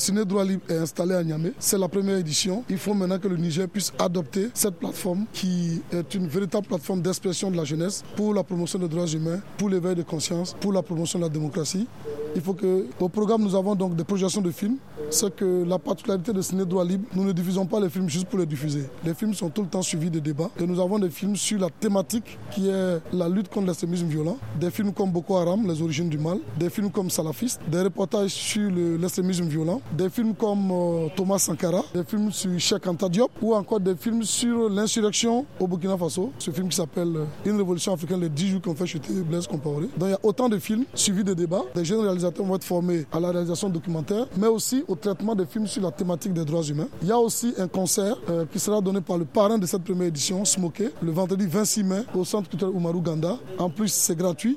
Ciné Droit Libre est installé à Niamey. C'est la première édition. Il faut maintenant que le Niger puisse adopter cette plateforme qui est une véritable plateforme d'expression de la jeunesse pour la promotion des droits humains, pour l'éveil de conscience, pour la promotion de la démocratie il faut que au programme nous avons donc des projections de films. C'est que la particularité de Ciné Droit Libre, nous ne diffusons pas les films juste pour les diffuser. Les films sont tout le temps suivis de débats et nous avons des films sur la thématique qui est la lutte contre l'extrémisme violent, des films comme Boko Haram, les origines du mal, des films comme Salafiste, des reportages sur l'extrémisme violent, des films comme euh, Thomas Sankara, des films sur Cheikh Anta Diop ou encore des films sur l'insurrection au Burkina Faso, ce film qui s'appelle euh, Une révolution africaine, les 10 jours qu'on fait chuter Blaise Compaoré. Donc il y a autant de films suivis de débats, des jeunes réalisateurs vont être formés à la réalisation documentaire, mais aussi au traitement des films sur la thématique des droits humains. Il y a aussi un concert euh, qui sera donné par le parrain de cette première édition, smokey le vendredi 26 mai au Centre culturel Umaru Ganda. En plus, c'est gratuit.